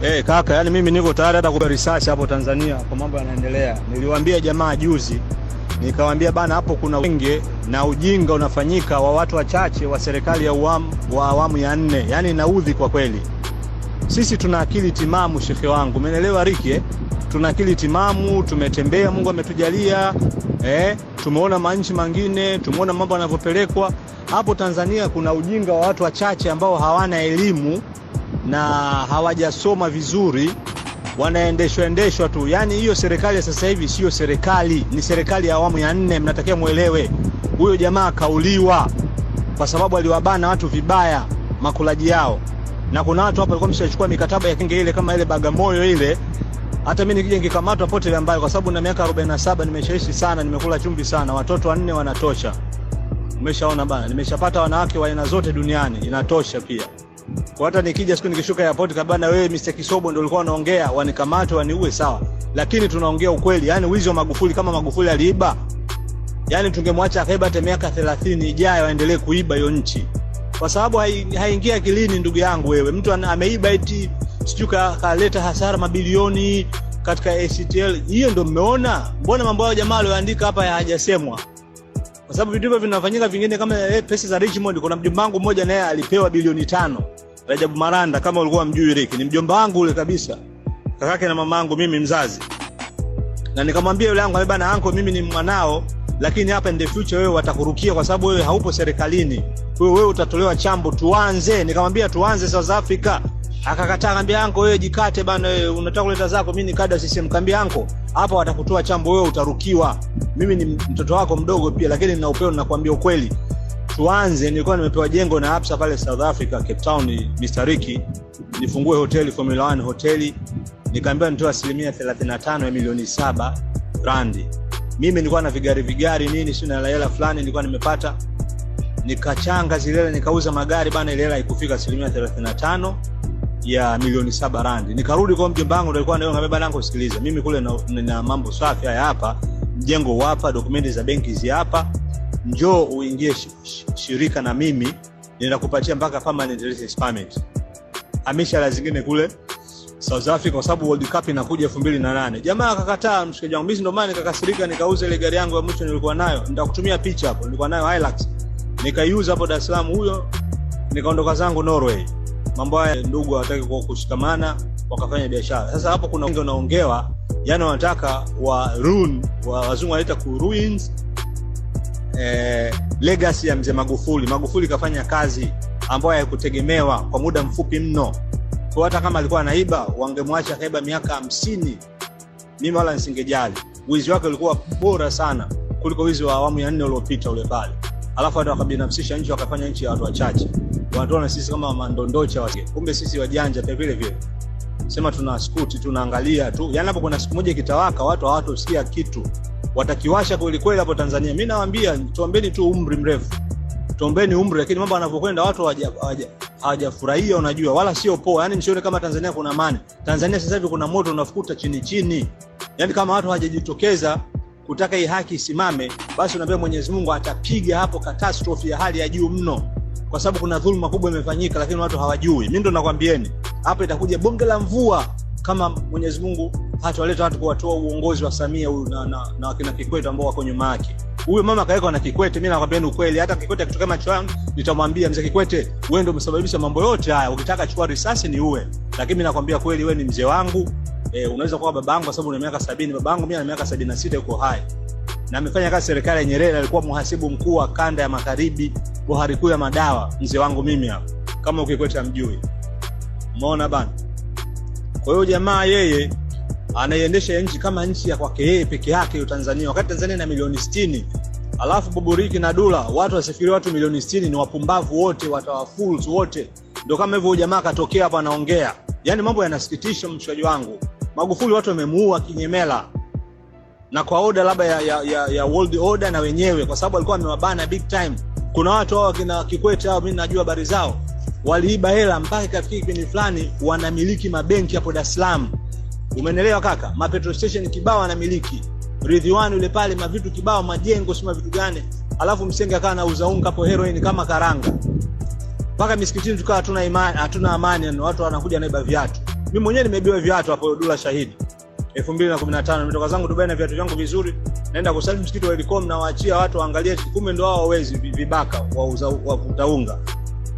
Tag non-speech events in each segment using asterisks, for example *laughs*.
Hey, eh, kaka, yani mimi niko tayari hata kupa research hapo Tanzania kwa mambo yanaendelea. Niliwaambia jamaa juzi, nikawaambia bana, hapo kuna wenge na ujinga unafanyika wa watu wachache wa serikali ya uwamu, wa awamu ya nne, yani naudhi kwa kweli. Sisi tuna akili timamu, shekhe wangu, umeelewa Riki eh? Tuna akili timamu, tumetembea, Mungu ametujalia eh, tumeona manchi mangine, tumeona mambo yanavyopelekwa hapo Tanzania. Kuna ujinga wa watu wachache ambao hawana elimu na hawajasoma vizuri, wanaendeshwa endeshwa tu. Yaani hiyo serikali ya sasa hivi siyo serikali, ni serikali ya awamu ya nne. Mnatakiwa mwelewe, huyo jamaa akauliwa kwa sababu aliwabana watu vibaya makulaji yao, na kuna watu hapa walikuwa mshachukua mikataba ya kinge ile kama ile Bagamoyo ile hata mimi nikija nikikamatwa pote ambayo, kwa sababu na miaka 47 nimeshaishi sana, nimekula chumvi sana, watoto wanne wanatosha. Umeshaona bana, nimeshapata wanawake wa aina zote duniani, inatosha pia. Kwa hata nikija siku nikishuka airport kabana, wewe Mr. Kisobo ndio ulikuwa unaongea, wanikamate waniue, sawa, lakini tunaongea ukweli. Yani wizi wa Magufuli, kama Magufuli aliiba, yani tungemwacha akaiba hata miaka 30 ijayo aendelee kuiba hiyo nchi, kwa sababu haingia kilini Ndugu yangu wewe, mtu ameiba eti sijui kaleta hasara mabilioni katika ACTL. Hiyo ndio mmeona? Mbona mambo hayo jamaa aliyoandika hapa hayajasemwa? kwa sababu vitu hivyo vinafanyika vingine kama eh, pesa za Richmond. Kuna mjomba wangu mmoja naye alipewa bilioni tano, Rajabu Maranda, kama ulikuwa mjui Rick, ni mjomba wangu ule kabisa, kakake na mamangu, mimi mzazi, na nikamwambia yule yangu bana, anko, mimi ni mwanao, lakini hapa in the future wewe watakurukia kwa sababu wewe haupo serikalini, wewe wewe utatolewa chambo, tuanze. Nikamwambia tuanze South Africa Akakataa, kambi yangu wewe jikate bana, wewe unataka kuleta zako, mimi ni kada sisi mkambi yangu hapa watakutoa chambo, wewe utarukiwa. Mimi ni mtoto wako mdogo pia, lakini nina upeo, ninakwambia ukweli. Tuanze, nilikuwa nimepewa jengo na Absa pale South Africa Cape Town, Mr Ricky, nifungue hoteli Formula 1 hoteli, nikaambiwa nitoa asilimia 35 ya milioni saba randi. Mimi nilikuwa na vigari vigari nini, sio na hela fulani nilikuwa nimepata, nikachanga zile nikauza magari bana, ile hela ikufika asilimia 35 ya milioni saba randi. Nikarudi kwa mjomba wangu, ndio alikuwa ananiambia baba yangu, sikiliza, mimi kule na, na mambo safi haya hapa, mjengo wapa dokumenti za benki zi hapa, njoo uingie shirika na mimi ninakupatia mpaka permanent residence permit. amisha la zingine kule South Africa kwa sababu World Cup inakuja 2008. Jamaa akakataa mshikaji wangu. Mimi ndio maana nikakasirika nikauza ile gari yangu ya mwisho nilikuwa nayo. Nitakutumia picha hapo. Nilikuwa nayo Hilux. Nikaiuza hapo Dar es Salaam huyo. Nikaondoka zangu Norway mambo haya, ndugu hawataki kwa kushikamana wakafanya biashara. Sasa hapo kuna wengi wanaongewa, yani wanataka wa run wa wazungu wanaita ku ruins eh, legacy ya mzee Magufuli. Magufuli kafanya kazi ambayo haikutegemewa kwa muda mfupi mno, kwa hata kama alikuwa anaiba, wangemwacha kaiba miaka hamsini, mimi wala nisingejali. Wizi wake ulikuwa bora sana kuliko wizi wa awamu ya nne uliopita ule pale, alafu hata wakabinafsisha nchi, wakafanya nchi ya watu wachache wanatuona sisi kama mandondocha wake, kumbe sisi wajanja pia vile vile. Sema tuna skuti tunaangalia tu, yani hapo kuna siku moja kitawaka, watu hawatosikia kitu, watakiwasha kweli kweli hapo Tanzania. Mimi nawaambia tuombeni tu umri mrefu, tuombeni umri, lakini mambo yanavyokwenda watu hawajafurahia, unajua, wala sio poa. Yani nisione kama Tanzania kuna amani. Tanzania sasa hivi kuna moto unafukuta chini chini, yani kama watu hawajajitokeza kutaka hii haki isimame, basi unaambia Mwenyezi Mungu atapiga hapo katastrofi ya hali ya juu mno kwa sababu kuna dhuluma kubwa imefanyika, lakini watu hawajui. Mimi ndo nakwambieni hapa itakuja bonge la mvua kama Mwenyezi Mungu hatawaleta watu kuwatoa uongozi wa Samia huyu na, na, na wakina Kikwete ambao wako nyuma yake. Huyu mama kaweka na Kikwete, mimi nakwambieni ukweli, hata Kikwete akitokea macho yangu nitamwambia mzee Kikwete, wewe ndio umesababisha mambo yote haya, ukitaka chukua risasi ni uwe, lakini mimi nakwambia kweli, wewe ni mzee wangu e, unaweza kuwa babangu kwa sababu una miaka 70, babangu mimi ana miaka 76, yuko hai na amefanya kazi serikali ya Nyerere, alikuwa mhasibu mkuu wa kanda ya magharibi bohari kuu ya madawa, mzee wangu mimi hapa, kama ukikweta mjui, umeona bana. Kwa hiyo jamaa yeye anaiendesha nchi kama nchi ya kwake yeye peke yake, Tanzania, wakati Tanzania ina milioni 60 alafu buburiki na dula watu wasifikiri watu milioni 60 ni wapumbavu wote, watawa fools wote. Ndio kama hivyo jamaa akatokea hapa anaongea, yani mambo yanasikitisha, mshikaji wangu. Magufuli watu wamemuua kinyemela na kwa oda labda ya, ya, ya, ya world order na wenyewe, kwa sababu walikuwa wamewabana big time. Kuna watu hao wakina Kikwete hao, mimi najua habari zao, waliiba hela mpaka ikafikia kipindi fulani wanamiliki mabenki hapo Dar es Salaam, umenelewa kaka? Ma petrol station kibao wanamiliki, Ridhiwani yule pale, mavitu kibao, majengo sima vitu gani, alafu msenge akawa anauza unga hapo heroin kama karanga mpaka misikitini tukawa hatuna imani, hatuna amani, watu wanakuja naiba viatu. Mimi mwenyewe nimebiwa viatu hapo Dula Shahidi. 2015 nimetoka zangu Dubai na viatu vyangu vizuri, naenda kusali msikiti wa Elcom na waachia watu waangalie, kumbe ndio hao wezi vibaka wauza wavuta unga.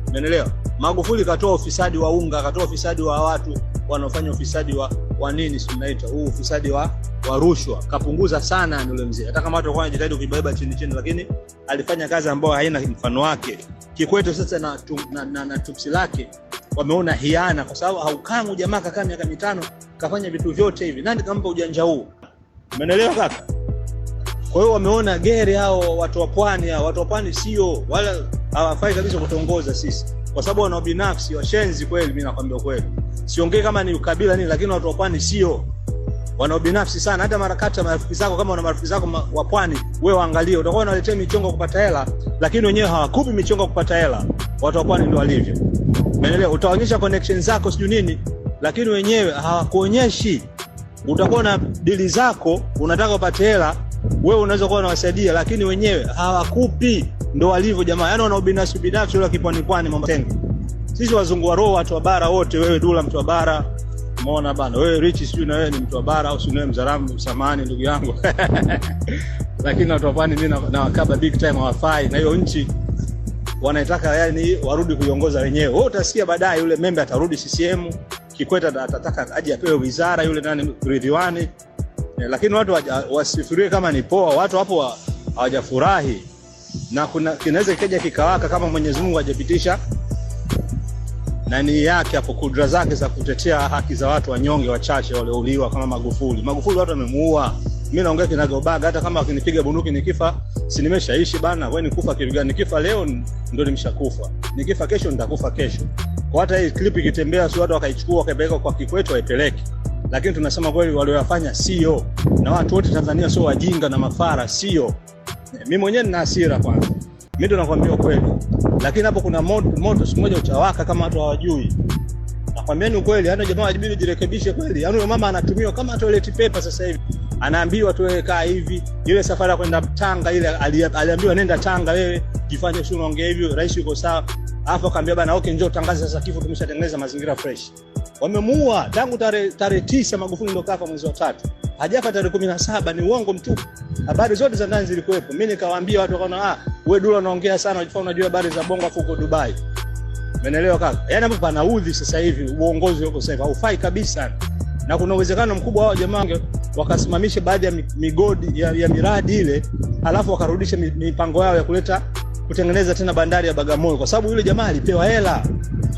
Umeelewa? Magufuli katoa ufisadi wa unga, katoa ufisadi wa watu wanaofanya ufisadi wa wa nini, si mnaita huu ufisadi wa wa rushwa, kapunguza sana yule mzee. Hata kama watu walikuwa wanajitahidi kuibeba chini chini, lakini alifanya kazi ambayo haina mfano wake. Kikwete sasa na, na, na, na tupsi lake wameona hiana, kwa sababu haukangu jamaa kakaa miaka mitano kafanya vitu vyote hivi, nani kampa ujanja huu? Umeelewa kaka? Kwa hiyo wameona geri hao watu wa pwani, hao watu wa pwani sio wala hawafai kabisa kutongoza sisi, kwa sababu wana binafsi washenzi kweli. Mimi nakwambia kweli, siongee kama ni ukabila nini, lakini watu wa pwani sio wana binafsi sana. Hata marakati ya marafiki zako, kama una marafiki zako wa pwani, wewe waangalie, utakuwa unaletea michongo kupata hela, lakini wenyewe hawakupi michongo kupata hela. Watu wa pwani ndio walivyo, umeelewa? Utaonyesha connection zako sijui nini, lakini wenyewe hawakuonyeshi. Utakuwa na dili zako, unataka upate hela, wewe unaweza kuwa unawasaidia, lakini wenyewe hawakupi. Ndo walivyo jamaa, yani wana ubinafsi binafsi, ule kipwani pwani mambo tengo. Sisi wazungu wa roho, watu wa bara wote, wewe Dula mtu wa bara Umeona bana, wewe Rich, sijui na wewe ni mtu wa bara au sijui Mzaramo, samani ndugu yangu *laughs* lakini watu wa pwani mimi na wakaba big time hawafai na hiyo nchi, wanaitaka yani warudi kuiongoza wenyewe. Wewe utasikia baadaye yule membe atarudi CCM Kikwete atataka aje apewe wizara yule nani Ridhiwani eh, lakini watu wasifurie kama ni poa. Watu hapo hawajafurahi na kuna kinaweza kikaja kikawaka kama Mwenyezi Mungu hajapitisha nani yake hapo, kudra zake za kutetea haki za watu wanyonge wachache waliouliwa kama Magufuli. Magufuli watu wamemuua, mimi naongea kinagobaga, hata kama akinipiga bunduki nikifa, si nimeshaishi bana? Wewe nikufa kivigani? gani? Nikifa leo ndio nimeshakufa, nikifa kesho nitakufa kesho. Kwa hata hii clip ikitembea, si watu wakaichukua wakaipeleka kwa Kikwete waipeleke, lakini tunasema kweli walioyafanya sio, na watu wote Tanzania sio wajinga na mafara, sio. Mimi mwenyewe nina hasira kwanza, mimi ndo nakwambia kweli, lakini hapo kuna moto, moto siku moja utawaka kama watu hawajui. Nakwambia ni kweli, yani jamaa ajibidi jirekebishe kweli. Yani huyo mama anatumiwa kama toilet paper sasa hivi anaambiwa tu kaa hivi. Ile safari ya kwenda Tanga ile aliambiwa nenda Tanga, wewe jifanye sio ongea hivyo, rais yuko sawa. Hapo akaambia bana, okay, njoo tangaze sasa kifo, tumeshatengeneza mazingira fresh. Wamemuua tangu tarehe tarehe tisa, Magufuli ndo kafa mwezi wa tatu, hajafa tarehe kumi na saba. Ni uongo mtupu, habari zote za ndani zilikuwepo. Mimi nikawaambia watu wakaona, ah, wewe Dula unaongea sana, unajua unajua habari za bongo afu uko Dubai. Umeelewa kaka? Yaani hapo panaudhi sasa hivi, uongozi wako sasa haufai kabisa, na kuna uwezekano mkubwa hao jamaa wakasimamisha baadhi ya migodi ya, ya miradi ile, alafu wakarudisha mipango yao ya kuleta kutengeneza tena bandari ya Bagamoyo, kwa sababu yule jamaa alipewa hela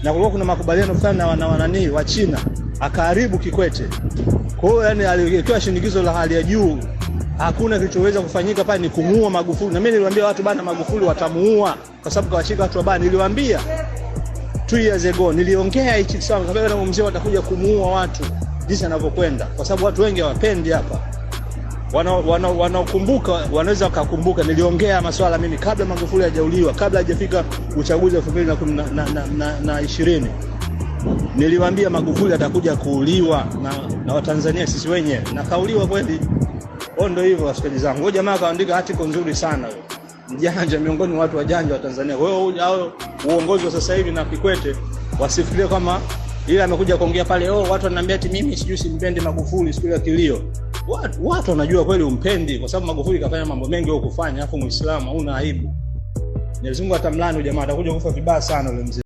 na kulikuwa kuna makubaliano fulani na wana wanani wa China, akaharibu Kikwete. Kwa hiyo yani, aliwekewa shinikizo la hali ya juu. Hakuna kilichoweza kufanyika pale, ni kumuua Magufuli. Na mimi niliwaambia watu bana, Magufuli watamuua kwa sababu kawashika watu wabaya. Niliwaambia two years ago, niliongea hichi sana, sababu mzee watakuja kumuua watu jinsi anavyokwenda, kwa sababu watu wengi hawapendi hapa wanaokumbuka wana, wana wanaweza wakakumbuka, niliongea maswala mimi kabla Magufuli hajauliwa, kabla hajafika uchaguzi wa mbili na, na, na, na, na ishirini niliwambia Magufuli atakuja kuuliwa na, na Watanzania sisi wenyewe, nakauliwa kweli o Ndo hivyo waskaji zangu, huyo jamaa akaandika article nzuri sana we. Mjanja miongoni mwa watu wajanja wa Tanzania. Kwa hiyo uongozi wa sasa hivi na Kikwete wasifikirie kama ile amekuja kuongea pale, oh, watu wananiambia ti mimi sijui simpendi Magufuli siku ya kilio watu, watu wanajua kweli umpendi, kwa sababu Magufuli kafanya mambo mengi wewe kufanya, afu Muislamu hauna aibu. Mwenyezi atamlani jamaa, atakuja kufa vibaya sana ule mzee.